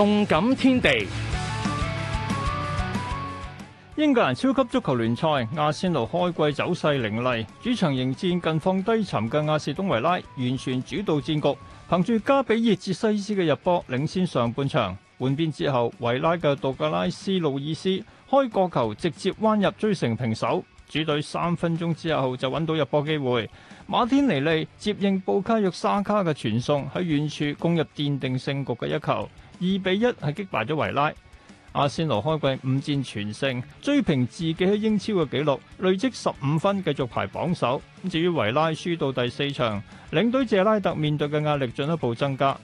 動感天地，英格蘭超級足球聯賽，阿仙奴開季走勢凌厲，主場迎戰近況低沉嘅亞士東維拉，完全主導戰局。憑住加比爾哲西斯嘅入波領先上半場，換邊之後，維拉嘅道格拉斯路易斯開角球直接彎入，追成平手。主隊三分鐘之後就揾到入波機會，馬天尼利接應布卡約沙卡嘅傳送，喺遠處攻入奠定勝局嘅一球。二比一係擊敗咗維拉，阿仙奴開季五戰全勝，追平自己喺英超嘅紀錄，累積十五分，繼續排榜首。至於維拉輸到第四場，領隊謝拉特面對嘅壓力進一步增加。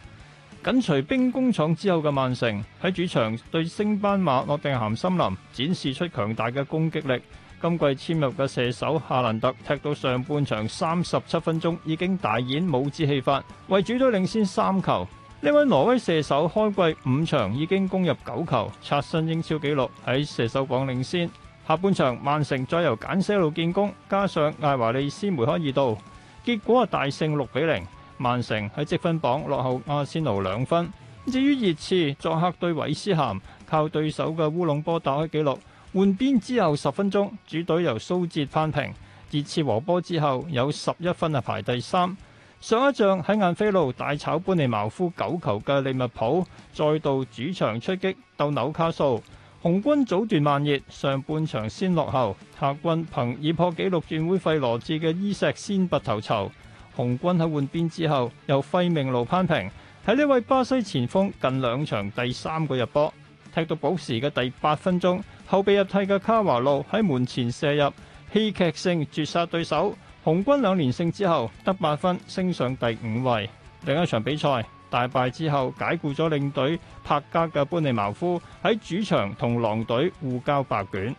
緊隨兵工廠之後嘅曼城喺主場對升班馬諾定咸森林，展示出強大嘅攻擊力。今季簽入嘅射手夏蘭特踢到上半場三十七分鐘，已經大演帽子戲法，為主隊領先三球。呢位挪威射手開季五場已經攻入九球，刷新英超紀錄，喺射手榜領先。下半場曼城再由簡西路建功，加上艾華利斯梅開二度，結果大勝六比零。曼城喺積分榜落後阿仙奴兩分。至於熱刺作客對韋斯咸，靠對手嘅烏龍波打開紀錄。換邊之後十分鐘，主隊由蘇哲翻平。熱刺和波之後有十一分啊，排第三。上一仗喺晏菲路大炒般尼茅夫九球嘅利物浦，再度主場出擊鬥紐卡素，紅軍早段慢熱，上半場先落後，客軍憑已破紀錄轉會費羅致嘅伊石先拔頭籌，紅軍喺換邊之後由費明路攀平，喺呢位巴西前鋒近兩場第三個入波，踢到補時嘅第八分鐘，後備入替嘅卡華路喺門前射入戲劇性絕殺對手。紅軍兩連勝之後得八分升上第五位，另一場比賽大敗之後解雇咗領隊柏加嘅般尼茅夫喺主場同狼隊互交白卷。